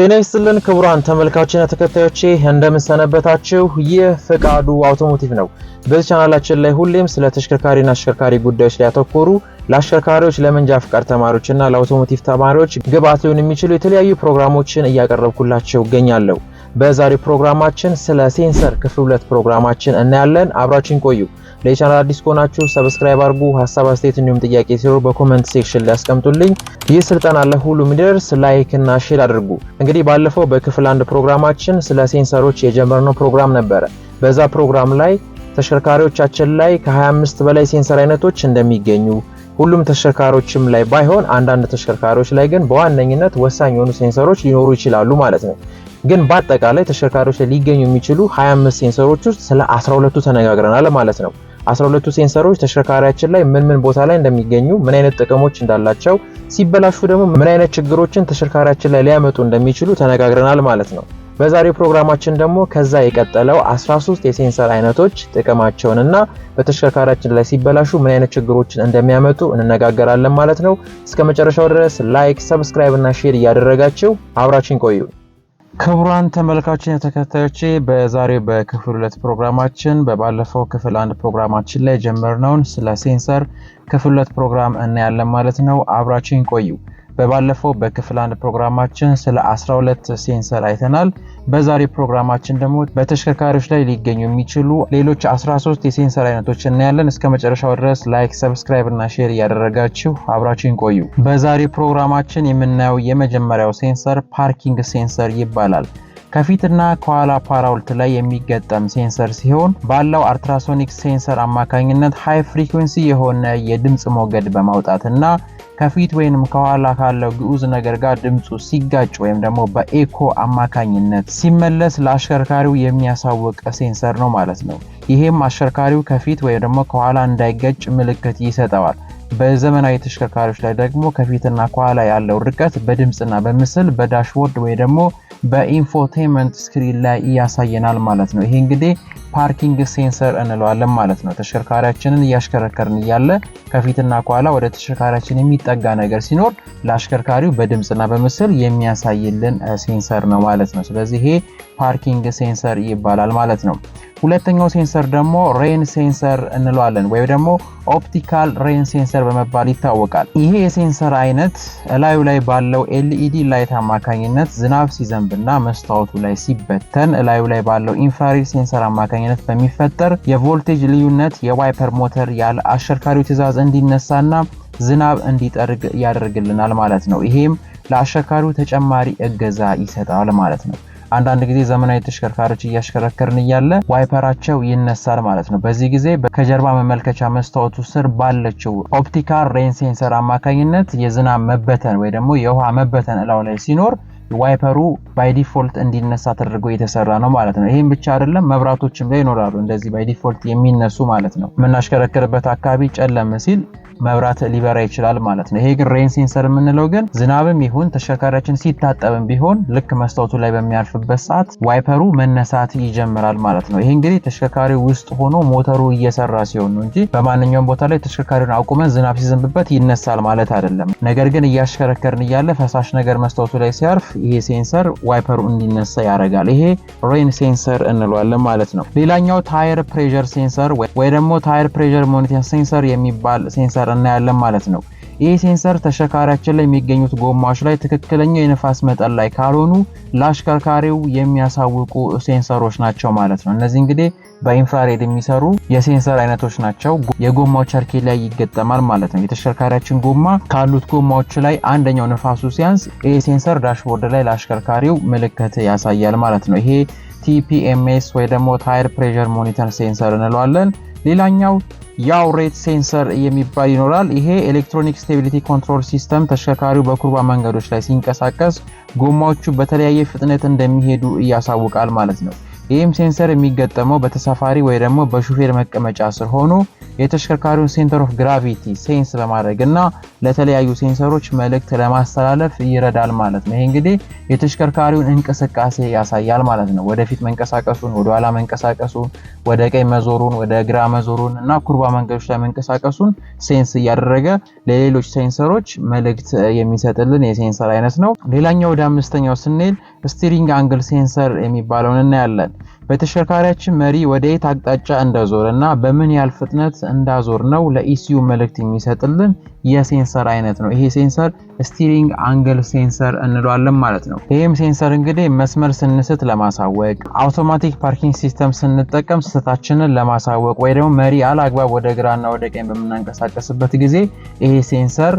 ጤና ይስጥልን ክቡራን ተመልካችና ተከታዮቼ እንደምንሰነበታችሁ። ይህ ፍቃዱ አውቶሞቲቭ ነው። በዚህ ቻናላችን ላይ ሁሌም ስለ ተሽከርካሪና አሽከርካሪ ጉዳዮች ላይ ያተኮሩ ለአሽከርካሪዎች፣ ለመንጃ ፍቃድ ተማሪዎችና ለአውቶሞቲቭ ተማሪዎች ግብዓት ሊሆን የሚችሉ የተለያዩ ፕሮግራሞችን እያቀረብኩላቸው እገኛለሁ። በዛሬው ፕሮግራማችን ስለ ሴንሰር ክፍል ሁለት ፕሮግራማችን እናያለን። አብራችን ቆዩ። ለቻናል አዲስ ከሆናችሁ ሰብስክራይብ አድርጉ። ሀሳብ አስተያየት፣ እንዲሁም ጥያቄ ሲኖር በኮመንት ሴክሽን ላይ አስቀምጡልኝ። ይህ ስልጠና ለሁሉም ይደርስ ላይክ እና ሼር አድርጉ። እንግዲህ ባለፈው በክፍል አንድ ፕሮግራማችን ስለ ሴንሰሮች የጀመርነው ፕሮግራም ነበረ። በዛ ፕሮግራም ላይ ተሽከርካሪዎቻችን ላይ ከ25 በላይ ሴንሰር አይነቶች እንደሚገኙ ሁሉም ተሽከርካሪዎችም ላይ ባይሆን አንዳንድ ተሽከርካሪዎች ላይ ግን በዋነኝነት ወሳኝ የሆኑ ሴንሰሮች ሊኖሩ ይችላሉ ማለት ነው። ግን በአጠቃላይ ተሽከርካሪዎች ላይ ሊገኙ የሚችሉ 25 ሴንሰሮች ውስጥ ስለ 12ቱ ተነጋግረናል ማለት ነው። 12ቱ ሴንሰሮች ተሽከርካሪያችን ላይ ምን ምን ቦታ ላይ እንደሚገኙ፣ ምን አይነት ጥቅሞች እንዳላቸው፣ ሲበላሹ ደግሞ ምን አይነት ችግሮችን ተሽከርካሪያችን ላይ ሊያመጡ እንደሚችሉ ተነጋግረናል ማለት ነው። በዛሬው ፕሮግራማችን ደግሞ ከዛ የቀጠለው 13 የሴንሰር አይነቶች ጥቅማቸውንና በተሽከርካሪያችን ላይ ሲበላሹ ምን አይነት ችግሮችን እንደሚያመጡ እንነጋገራለን ማለት ነው። እስከ መጨረሻው ድረስ ላይክ፣ ሰብስክራይብ እና ሼር እያደረጋችሁ አብራችን ቆዩ። ክቡራን ተመልካችን ተከታዮቼ በዛሬው በክፍል ሁለት ፕሮግራማችን በባለፈው ክፍል አንድ ፕሮግራማችን ላይ ጀመርነውን ስለ ሴንሰር ክፍል ሁለት ፕሮግራም እናያለን ማለት ነው። አብራችን ቆዩ። በባለፈው በክፍል አንድ ፕሮግራማችን ስለ 12 ሴንሰር አይተናል። በዛሬ ፕሮግራማችን ደግሞ በተሽከርካሪዎች ላይ ሊገኙ የሚችሉ ሌሎች 13 የሴንሰር አይነቶች እናያለን። እስከ መጨረሻው ድረስ ላይክ፣ ሰብስክራይብ እና ሼር እያደረጋችሁ አብራችሁን ቆዩ። በዛሬ ፕሮግራማችን የምናየው የመጀመሪያው ሴንሰር ፓርኪንግ ሴንሰር ይባላል። ከፊትና ከኋላ ፓራውልት ላይ የሚገጠም ሴንሰር ሲሆን ባለው አልትራሶኒክ ሴንሰር አማካኝነት ሃይ ፍሪኩንሲ የሆነ የድምፅ ሞገድ በማውጣትና ከፊት ወይም ከኋላ ካለው ግዑዝ ነገር ጋር ድምፁ ሲጋጭ ወይም ደግሞ በኤኮ አማካኝነት ሲመለስ ለአሽከርካሪው የሚያሳውቅ ሴንሰር ነው ማለት ነው። ይሄም አሽከርካሪው ከፊት ወይም ደግሞ ከኋላ እንዳይገጭ ምልክት ይሰጠዋል። በዘመናዊ ተሽከርካሪዎች ላይ ደግሞ ከፊትና ከኋላ ያለው ርቀት በድምፅና በምስል በዳሽቦርድ ወይ ደግሞ በኢንፎቴንመንት ስክሪን ላይ ያሳየናል ማለት ነው። ይሄ እንግዲህ ፓርኪንግ ሴንሰር እንለዋለን ማለት ነው። ተሽከርካሪያችንን እያሽከረከርን እያለ ከፊትና ከኋላ ወደ ተሽከርካሪያችን የሚጠጋ ነገር ሲኖር ለአሽከርካሪው በድምፅና በምስል የሚያሳይልን ሴንሰር ነው ማለት ነው። ስለዚህ ይሄ ፓርኪንግ ሴንሰር ይባላል ማለት ነው። ሁለተኛው ሴንሰር ደግሞ ሬን ሴንሰር እንለዋለን ወይም ደግሞ ኦፕቲካል ሬን ሴንሰር በመባል ይታወቃል። ይሄ የሴንሰር አይነት እላዩ ላይ ባለው ኤልኢዲ ላይት አማካኝነት ዝናብ ሲዘንብና መስታወቱ ላይ ሲበተን እላዩ ላይ ባለው ኢንፍራሬድ ሴንሰር አማካኝነት አማካኝነት በሚፈጠር የቮልቴጅ ልዩነት የዋይፐር ሞተር ያለ አሽከርካሪው ትዕዛዝ እንዲነሳና ዝናብ እንዲጠርግ ያደርግልናል ማለት ነው። ይሄም ለአሽከርካሪው ተጨማሪ እገዛ ይሰጣል ማለት ነው። አንዳንድ ጊዜ ዘመናዊ ተሽከርካሪዎች እያሽከረከርን እያለ ዋይፐራቸው ይነሳል ማለት ነው። በዚህ ጊዜ ከጀርባ መመልከቻ መስታወቱ ስር ባለችው ኦፕቲካል ሬን ሴንሰር አማካኝነት የዝናብ መበተን ወይ ደግሞ የውሃ መበተን እላው ላይ ሲኖር ዋይፐሩ ባይ ዲፎልት እንዲነሳ ተደርጎ የተሰራ ነው ማለት ነው። ይህም ብቻ አይደለም፣ መብራቶችም ላይ ይኖራሉ እንደዚህ ባይ ዲፎልት የሚነሱ ማለት ነው። የምናሽከረክርበት አካባቢ ጨለም ሲል መብራት ሊበራ ይችላል ማለት ነው። ይሄ ግን ሬን ሴንሰር የምንለው ግን ዝናብም ይሁን ተሽከርካሪያችን ሲታጠብም ቢሆን ልክ መስታወቱ ላይ በሚያርፍበት ሰዓት ዋይፐሩ መነሳት ይጀምራል ማለት ነው። ይሄ እንግዲህ ተሽከርካሪ ውስጥ ሆኖ ሞተሩ እየሰራ ሲሆን ነው እንጂ በማንኛውም ቦታ ላይ ተሽከርካሪውን አቁመን ዝናብ ሲዘንብበት ይነሳል ማለት አይደለም። ነገር ግን እያሽከረከርን እያለ ፈሳሽ ነገር መስታወቱ ላይ ሲያርፍ ይሄ ሴንሰር ዋይፐሩ እንዲነሳ ያደርጋል። ይሄ ሬን ሴንሰር እንለዋለን ማለት ነው። ሌላኛው ታየር ፕሬዠር ሴንሰር ወይ ደግሞ ታየር ፕሬዠር ሞኒተር ሴንሰር የሚባል ሴንሰር ሴንሰር እናያለን ማለት ነው። ይህ ሴንሰር ተሽከርካሪያችን ላይ የሚገኙት ጎማዎች ላይ ትክክለኛ የንፋስ መጠን ላይ ካልሆኑ ለአሽከርካሪው የሚያሳውቁ ሴንሰሮች ናቸው ማለት ነው። እነዚህ እንግዲህ በኢንፍራሬድ የሚሰሩ የሴንሰር አይነቶች ናቸው። የጎማው ቸርኬ ላይ ይገጠማል ማለት ነው። የተሽከርካሪያችን ጎማ ካሉት ጎማዎች ላይ አንደኛው ንፋሱ ሲያንስ ይህ ሴንሰር ዳሽቦርድ ላይ ለአሽከርካሪው ምልክት ያሳያል ማለት ነው። ይሄ ቲፒኤምኤስ ወይ ደግሞ ታይር ፕሬዠር ሞኒተር ሴንሰር እንለዋለን። ሌላኛው ያው ሬት ሴንሰር የሚባል ይኖራል። ይሄ ኤሌክትሮኒክ ስቴቢሊቲ ኮንትሮል ሲስተም ተሽከርካሪው በኩርባ መንገዶች ላይ ሲንቀሳቀስ ጎማዎቹ በተለያየ ፍጥነት እንደሚሄዱ እያሳውቃል ማለት ነው። ይህም ሴንሰር የሚገጠመው በተሳፋሪ ወይ ደግሞ በሹፌር መቀመጫ ስር ሆኖ የተሽከርካሪውን ሴንተር ኦፍ ግራቪቲ ሴንስ በማድረግ እና ለተለያዩ ሴንሰሮች መልእክት ለማስተላለፍ ይረዳል ማለት ነው። ይህ እንግዲህ የተሽከርካሪውን እንቅስቃሴ ያሳያል ማለት ነው። ወደፊት መንቀሳቀሱን፣ ወደኋላ መንቀሳቀሱን፣ ወደ ቀኝ መዞሩን፣ ወደ ግራ መዞሩን እና ኩርባ መንገዶች ላይ መንቀሳቀሱን ሴንስ እያደረገ ለሌሎች ሴንሰሮች መልእክት የሚሰጥልን የሴንሰር አይነት ነው። ሌላኛው ወደ አምስተኛው ስንሄድ ስቲሪንግ አንግል ሴንሰር የሚባለውን እናያለን። በተሽከርካሪያችን መሪ ወደየት አቅጣጫ እንዳዞረ እና በምን ያህል ፍጥነት እንዳዞር ነው ለኢሲዩ መልእክት የሚሰጥልን የሴንሰር አይነት ነው። ይሄ ሴንሰር ስቲሪንግ አንግል ሴንሰር እንለዋለን ማለት ነው። ይህም ሴንሰር እንግዲህ መስመር ስንስት ለማሳወቅ፣ አውቶማቲክ ፓርኪንግ ሲስተም ስንጠቀም ስህተታችንን ለማሳወቅ ወይ ደግሞ መሪ አላግባብ ወደ ግራና ወደ ቀኝ በምናንቀሳቀስበት ጊዜ ይሄ ሴንሰር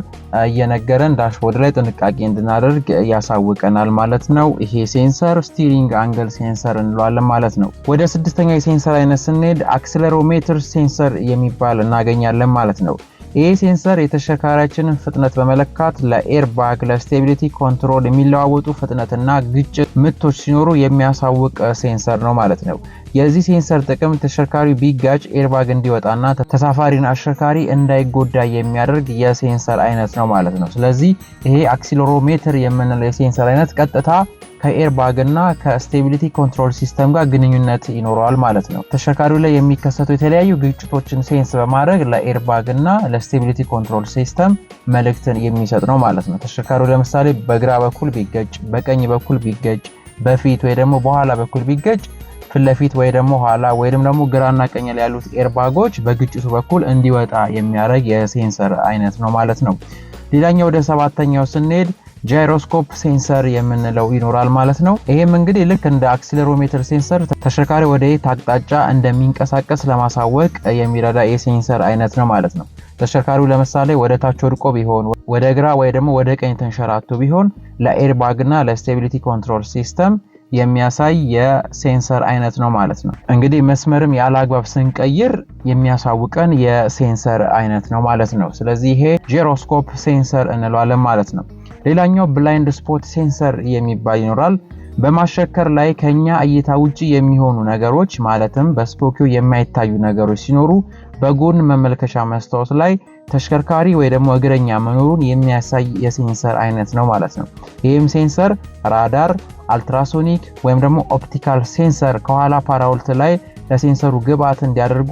እየነገረን ዳሽቦርድ ላይ ጥንቃቄ እንድናደርግ ያሳውቀናል ማለት ነው። ይሄ ሴንሰር ስቲሪንግ አንግል ሴንሰር እንለዋለን ማለት ነው። ወደ ስድስተኛ የሴንሰር አይነት ስንሄድ አክስለሮሜትር ሴንሰር የሚባል እናገኛለን ማለት ነው። ይህ ሴንሰር የተሸካሪያችንን ፍጥነት በመለካት ለኤርባግ ለስቴቢሊቲ ኮንትሮል የሚለዋወጡ ፍጥነትና ግጭት ምቶች ሲኖሩ የሚያሳውቅ ሴንሰር ነው ማለት ነው። የዚህ ሴንሰር ጥቅም ተሽከርካሪ ቢጋጭ ኤርባግ እንዲወጣና ተሳፋሪን አሽከርካሪ እንዳይጎዳ የሚያደርግ የሴንሰር አይነት ነው ማለት ነው። ስለዚህ ይሄ አክሲሎሮሜትር የምንለው የሴንሰር አይነት ቀጥታ ከኤርባግ እና ከስቴቢሊቲ ኮንትሮል ሲስተም ጋር ግንኙነት ይኖረዋል ማለት ነው። ተሽከርካሪው ላይ የሚከሰቱ የተለያዩ ግጭቶችን ሴንስ በማድረግ ለኤርባግ እና ለስቴቢሊቲ ኮንትሮል ሲስተም መልእክትን የሚሰጥ ነው ማለት ነው። ተሽከርካሪው ለምሳሌ በግራ በኩል ቢገጭ፣ በቀኝ በኩል ቢገጭ፣ በፊት ወይ ደግሞ በኋላ በኩል ቢገጭ ፊት ለፊት ወይ ደግሞ ኋላ ወይም ደግሞ ግራና ቀኝ ላይ ያሉት ኤርባጎች በግጭቱ በኩል እንዲወጣ የሚያደርግ የሴንሰር አይነት ነው ማለት ነው። ሌላኛው ወደ ሰባተኛው ስንሄድ ጃይሮስኮፕ ሴንሰር የምንለው ይኖራል ማለት ነው። ይህም እንግዲህ ልክ እንደ አክሲለሮሜትር ሴንሰር ተሽከርካሪ ወደ የት አቅጣጫ እንደሚንቀሳቀስ ለማሳወቅ የሚረዳ የሴንሰር አይነት ነው ማለት ነው። ተሽከርካሪው ለምሳሌ ወደ ታች ወድቆ ቢሆን ወደ ግራ ወይ ደግሞ ወደ ቀኝ ተንሸራቶ ቢሆን ለኤርባግና ለስቴቢሊቲ ኮንትሮል ሲስተም የሚያሳይ የሴንሰር አይነት ነው ማለት ነው። እንግዲህ መስመርም ያለ አግባብ ስንቀይር የሚያሳውቀን የሴንሰር አይነት ነው ማለት ነው። ስለዚህ ይሄ ጄሮስኮፕ ሴንሰር እንለዋለን ማለት ነው። ሌላኛው ብላይንድ ስፖት ሴንሰር የሚባል ይኖራል። በማሽከርከር ላይ ከኛ እይታ ውጪ የሚሆኑ ነገሮች ማለትም በስፖኪው የማይታዩ ነገሮች ሲኖሩ በጎን መመልከሻ መስታወት ላይ ተሽከርካሪ ወይ ደግሞ እግረኛ መኖሩን የሚያሳይ የሴንሰር አይነት ነው ማለት ነው። ይህም ሴንሰር ራዳር፣ አልትራሶኒክ ወይም ደግሞ ኦፕቲካል ሴንሰር ከኋላ ፓራውልት ላይ ለሴንሰሩ ግብዓት እንዲያደርጉ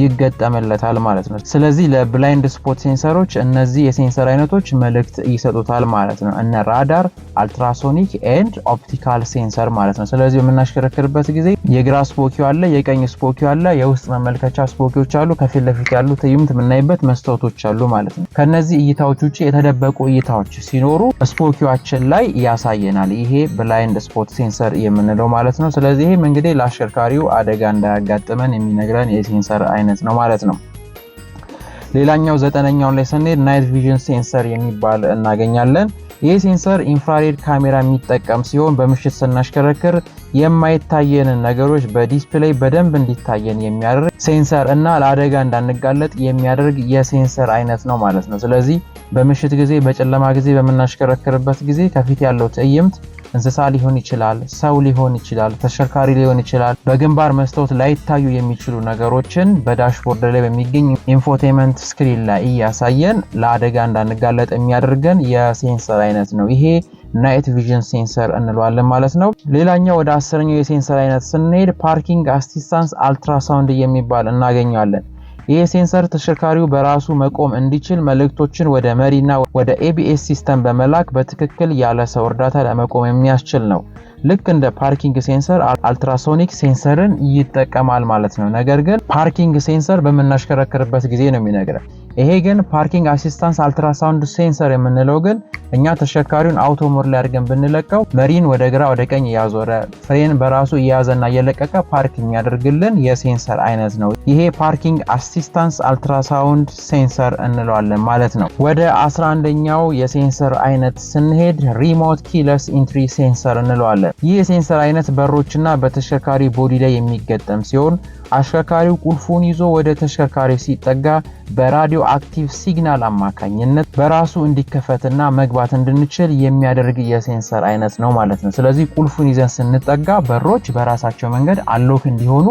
ይገጠምለታል ማለት ነው። ስለዚህ ለብላይንድ ስፖት ሴንሰሮች እነዚህ የሴንሰር አይነቶች መልእክት ይሰጡታል ማለት ነው። እነ ራዳር፣ አልትራሶኒክ ኤንድ ኦፕቲካል ሴንሰር ማለት ነው። ስለዚህ የምናሽከረክርበት ጊዜ የግራ ስፖኪው አለ፣ የቀኝ ስፖኪ አለ፣ የውስጥ መመልከቻ ስፖኪዎች አሉ፣ ከፊት ለፊት ያሉ ትዕይንት የምናይበት መስታወቶች አሉ ማለት ነው። ከነዚህ እይታዎች ውጭ የተደበቁ እይታዎች ሲኖሩ ስፖኪዋችን ላይ ያሳየናል። ይሄ ብላይንድ ስፖት ሴንሰር የምንለው ማለት ነው። ስለዚህ ይህም እንግዲህ ለአሽከርካሪው አደጋ እንዳያጋጥመን የሚነግረን የሴንሰር አይነት ነው ማለት ነው። ሌላኛው ዘጠነኛውን ላይ ስንሄድ ናይት ቪዥን ሴንሰር የሚባል እናገኛለን። ይህ ሴንሰር ኢንፍራሬድ ካሜራ የሚጠቀም ሲሆን በምሽት ስናሽከረክር የማይታየንን ነገሮች በዲስፕሌይ በደንብ እንዲታየን የሚያደርግ ሴንሰር እና ለአደጋ እንዳንጋለጥ የሚያደርግ የሴንሰር አይነት ነው ማለት ነው። ስለዚህ በምሽት ጊዜ፣ በጨለማ ጊዜ በምናሽከረክርበት ጊዜ ከፊት ያለው ትዕይንት እንስሳ ሊሆን ይችላል፣ ሰው ሊሆን ይችላል፣ ተሽከርካሪ ሊሆን ይችላል። በግንባር መስታወት ላይታዩ የሚችሉ ነገሮችን በዳሽቦርድ ላይ በሚገኝ ኢንፎቴመንት ስክሪን ላይ እያሳየን ለአደጋ እንዳንጋለጥ የሚያደርገን የሴንሰር አይነት ነው ይሄ ናይት ቪዥን ሴንሰር እንለዋለን ማለት ነው። ሌላኛው ወደ አስረኛው የሴንሰር አይነት ስንሄድ ፓርኪንግ አሲስታንስ አልትራሳውንድ የሚባል እናገኘዋለን። ይህ ሴንሰር ተሽከርካሪው በራሱ መቆም እንዲችል መልእክቶችን ወደ መሪና ወደ ኤቢኤስ ሲስተም በመላክ በትክክል ያለ ሰው እርዳታ ለመቆም የሚያስችል ነው። ልክ እንደ ፓርኪንግ ሴንሰር አልትራሶኒክ ሴንሰርን ይጠቀማል ማለት ነው። ነገር ግን ፓርኪንግ ሴንሰር በምናሽከረክርበት ጊዜ ነው የሚነግረን። ይሄ ግን ፓርኪንግ አሲስታንስ አልትራሳውንድ ሴንሰር የምንለው ግን እኛ ተሽከርካሪውን አውቶ ሞድ ላይ አድርገን ብንለቀው መሪን ወደ ግራ ወደ ቀኝ እያዞረ ፍሬን በራሱ እየያዘና እየለቀቀ ፓርክ የሚያደርግልን የሴንሰር አይነት ነው። ይሄ ፓርኪንግ አሲስታንስ አልትራሳውንድ ሴንሰር እንለዋለን ማለት ነው። ወደ 11ኛው የሴንሰር አይነት ስንሄድ ሪሞት ኪለስ ኢንትሪ ሴንሰር እንለዋለን። ይህ የሴንሰር አይነት በሮችና በተሽከርካሪ ቦዲ ላይ የሚገጠም ሲሆን አሽከርካሪው ቁልፉን ይዞ ወደ ተሽከርካሪው ሲጠጋ በራዲዮ አክቲቭ ሲግናል አማካኝነት በራሱ እንዲከፈትና መግባት እንድንችል የሚያደርግ የሴንሰር አይነት ነው ማለት ነው። ስለዚህ ቁልፉን ይዘን ስንጠጋ በሮች በራሳቸው መንገድ አሎክ እንዲሆኑ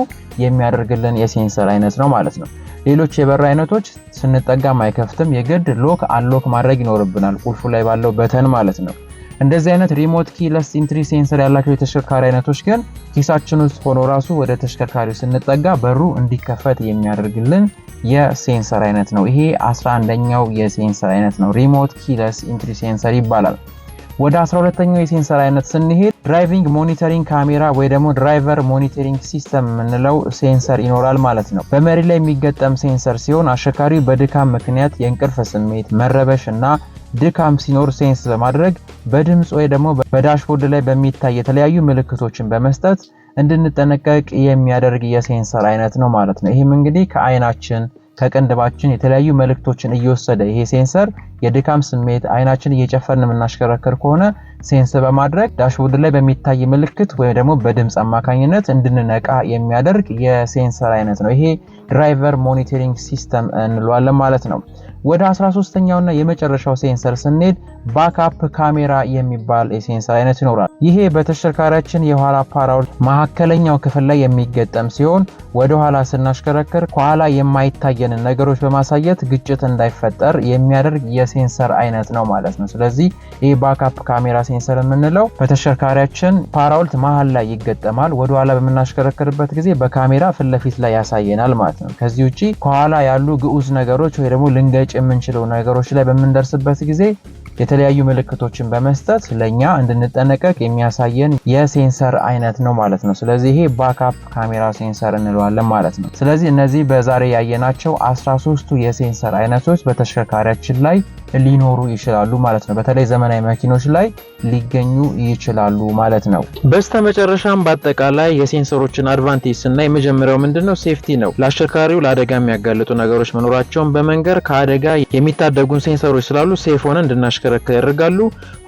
የሚያደርግልን የሴንሰር አይነት ነው ማለት ነው። ሌሎች የበር አይነቶች ስንጠጋም አይከፍትም፣ የግድ ሎክ አሎክ ማድረግ ይኖርብናል ቁልፉ ላይ ባለው በተን ማለት ነው። እንደዚህ አይነት ሪሞት ኪለስ ኢንትሪ ሴንሰር ያላቸው የተሽከርካሪ አይነቶች ግን ኪሳችን ውስጥ ሆኖ ራሱ ወደ ተሽከርካሪው ስንጠጋ በሩ እንዲከፈት የሚያደርግልን የሴንሰር አይነት ነው። ይሄ 11ኛው የሴንሰር አይነት ነው። ሪሞት ኪለስ ኢንትሪ ሴንሰር ይባላል። ወደ 12ኛው የሴንሰር አይነት ስንሄድ ድራይቪንግ ሞኒተሪንግ ካሜራ ወይ ደግሞ ድራይቨር ሞኒተሪንግ ሲስተም የምንለው ሴንሰር ይኖራል ማለት ነው። በመሪ ላይ የሚገጠም ሴንሰር ሲሆን አሽከርካሪው በድካም ምክንያት የእንቅልፍ ስሜት፣ መረበሽ እና ድካም ሲኖር ሴንስ በማድረግ በድምፅ ወይ ደግሞ በዳሽቦርድ ላይ በሚታይ የተለያዩ ምልክቶችን በመስጠት እንድንጠነቀቅ የሚያደርግ የሴንሰር አይነት ነው ማለት ነው። ይህም እንግዲህ ከአይናችን ከቅንድባችን የተለያዩ መልእክቶችን እየወሰደ ይሄ ሴንሰር የድካም ስሜት አይናችን እየጨፈርን የምናሽከረከር ከሆነ ሴንስ በማድረግ ዳሽቦርድ ላይ በሚታይ ምልክት ወይም ደግሞ በድምፅ አማካኝነት እንድንነቃ የሚያደርግ የሴንሰር አይነት ነው። ይሄ ድራይቨር ሞኒተሪንግ ሲስተም እንለዋለን ማለት ነው። ወደ 13ኛውና የመጨረሻው ሴንሰር ስንሄድ ባክአፕ ካሜራ የሚባል የሴንሰር አይነት ይኖራል። ይሄ በተሽከርካሪያችን የኋላ ፓራው መካከለኛው ክፍል ላይ የሚገጠም ሲሆን ወደ ኋላ ስናሽከረክር ከኋላ የማይታየንን ነገሮች በማሳየት ግጭት እንዳይፈጠር የሚያደርግ የሴንሰር አይነት ነው ማለት ነው። ስለዚህ ይህ ባክአፕ ካሜራ ሴንሰር የምንለው በተሽከርካሪያችን ፓራውልት መሀል ላይ ይገጠማል። ወደ ኋላ በምናሽከረክርበት ጊዜ በካሜራ ፊት ለፊት ላይ ያሳየናል ማለት ነው። ከዚህ ውጭ ከኋላ ያሉ ግዑዝ ነገሮች ወይ ደግሞ ልንገጭ የምንችለው ነገሮች ላይ በምንደርስበት ጊዜ የተለያዩ ምልክቶችን በመስጠት ለእኛ እንድንጠነቀቅ የሚያሳየን የሴንሰር አይነት ነው ማለት ነው። ስለዚህ ይሄ ባካፕ ካሜራ ሴንሰር እንለዋለን ማለት ነው። ስለዚህ እነዚህ በዛሬ ያየናቸው 13ቱ የሴንሰር አይነቶች በተሽከርካሪያችን ላይ ሊኖሩ ይችላሉ ማለት ነው። በተለይ ዘመናዊ መኪኖች ላይ ሊገኙ ይችላሉ ማለት ነው። በስተመጨረሻም በአጠቃላይ የሴንሰሮችን አድቫንቴጅ እና የመጀመሪያው ምንድነው ሴፍቲ ነው። ለአሽከርካሪው ለአደጋ የሚያጋልጡ ነገሮች መኖራቸውን በመንገር ከአደጋ የሚታደጉን ሴንሰሮች ስላሉ ሴፍ ሆነ እንድናሽከረክር ያደርጋሉ።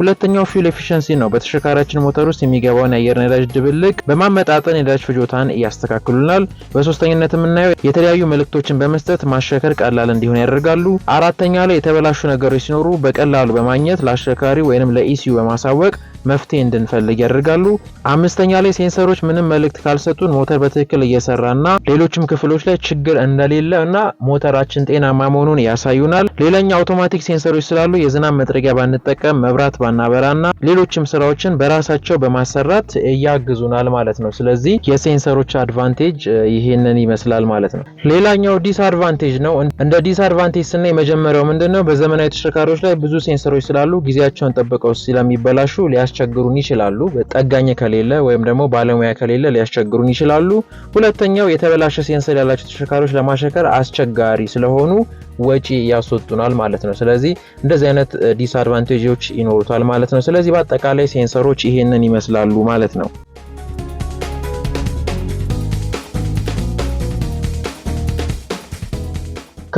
ሁለተኛው ፊውል ኤፊሽንሲ ነው። በተሽከርካሪያችን ሞተር ውስጥ የሚገባውን የአየር ነዳጅ ድብልቅ በማመጣጠን የነዳጅ ፍጆታን እያስተካክሉናል። በሶስተኝነት የምናየው የተለያዩ መልእክቶችን በመስጠት ማሸከር ቀላል እንዲሆን ያደርጋሉ። አራተኛ ላይ የተበላሹ ነገሮች ሲኖሩ በቀላሉ በማግኘት ለአሽከርካሪ ወይም ለኢሲዩ በማሳወቅ መፍትሄ እንድንፈልግ ያደርጋሉ። አምስተኛ ላይ ሴንሰሮች ምንም መልእክት ካልሰጡን ሞተር በትክክል እየሰራና ሌሎችም ክፍሎች ላይ ችግር እንደሌለ እና ሞተራችን ጤናማ መሆኑን ያሳዩናል። ሌላኛ አውቶማቲክ ሴንሰሮች ስላሉ የዝናብ መጥረጊያ ባንጠቀም፣ መብራት ባናበራና ሌሎችም ስራዎችን በራሳቸው በማሰራት ያግዙናል ማለት ነው። ስለዚህ የሴንሰሮች አድቫንቴጅ ይህንን ይመስላል ማለት ነው። ሌላኛው ዲስአድቫንቴጅ ነው። እንደ ዲስአድቫንቴጅ ስና የመጀመሪያው ምንድን ነው? በዘመናዊ ተሽከርካሪዎች ላይ ብዙ ሴንሰሮች ስላሉ ጊዜያቸውን ጠብቀው ስለሚበላሹ ሊያስ ሊያስቸግሩን ይችላሉ። ጠጋኝ ከሌለ ወይም ደግሞ ባለሙያ ከሌለ ሊያስቸግሩን ይችላሉ። ሁለተኛው የተበላሸ ሴንሰር ያላቸው ተሽከርካሪዎች ለማሸከር አስቸጋሪ ስለሆኑ ወጪ ያስወጡናል ማለት ነው። ስለዚህ እንደዚህ አይነት ዲስአድቫንቴጆች ይኖሩታል ማለት ነው። ስለዚህ በአጠቃላይ ሴንሰሮች ይሄንን ይመስላሉ ማለት ነው።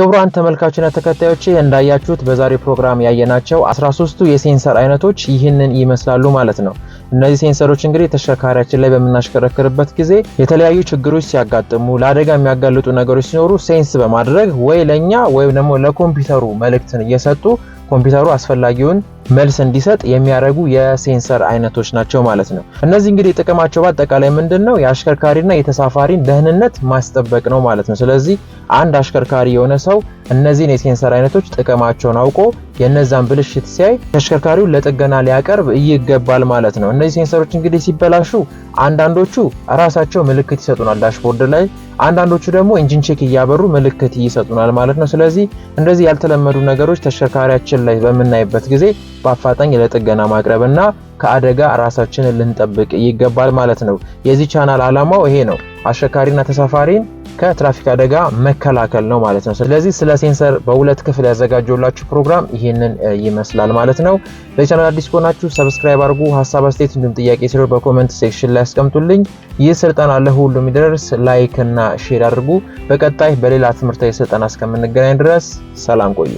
ክቡራን ተመልካችና ተከታዮቼ እንዳያችሁት በዛሬ ፕሮግራም ያየናቸው 13ቱ የሴንሰር አይነቶች ይህንን ይመስላሉ ማለት ነው። እነዚህ ሴንሰሮች እንግዲህ ተሽከርካሪያችን ላይ በምናሽከረክርበት ጊዜ የተለያዩ ችግሮች ሲያጋጥሙ፣ ለአደጋ የሚያጋልጡ ነገሮች ሲኖሩ ሴንስ በማድረግ ወይ ለእኛ ወይም ደግሞ ለኮምፒውተሩ መልእክትን እየሰጡ ኮምፒውተሩ አስፈላጊውን መልስ እንዲሰጥ የሚያደርጉ የሴንሰር አይነቶች ናቸው ማለት ነው። እነዚህ እንግዲህ ጥቅማቸው በአጠቃላይ ምንድን ነው? የአሽከርካሪና የተሳፋሪን ደህንነት ማስጠበቅ ነው ማለት ነው። ስለዚህ አንድ አሽከርካሪ የሆነ ሰው እነዚህን የሴንሰር አይነቶች ጥቅማቸውን አውቆ የነዛን ብልሽት ሲያይ ተሽከርካሪውን ለጥገና ሊያቀርብ ይገባል ማለት ነው። እነዚህ ሴንሰሮች እንግዲህ ሲበላሹ አንዳንዶቹ ራሳቸው ምልክት ይሰጡናል ዳሽቦርድ ላይ፣ አንዳንዶቹ ደግሞ ኢንጂን ቼክ እያበሩ ምልክት ይሰጡናል ማለት ነው። ስለዚህ እንደዚህ ያልተለመዱ ነገሮች ተሽከርካሪያችን ላይ በምናይበት ጊዜ በአፋጣኝ ለጥገና ማቅረብና ከአደጋ ራሳችንን ልንጠብቅ ይገባል ማለት ነው። የዚህ ቻናል ዓላማው ይሄ ነው፣ አሽከርካሪና ተሳፋሪን ከትራፊክ አደጋ መከላከል ነው ማለት ነው። ስለዚህ ስለ ሴንሰር በሁለት ክፍል ያዘጋጀውላችሁ ፕሮግራም ይህንን ይመስላል ማለት ነው። ለቻናል አዲስ ከሆናችሁ ሰብስክራይብ አድርጉ። ሀሳብ አስተያየት፣ እንዲሁም ጥያቄ ሲኖር በኮመንት ሴክሽን ላይ አስቀምጡልኝ። ይህ ስልጠና ለሁሉ የሚደርስ ላይክ እና ሼር አድርጉ። በቀጣይ በሌላ ትምህርታዊ ስልጠና እስከምንገናኝ ድረስ ሰላም ቆዩ።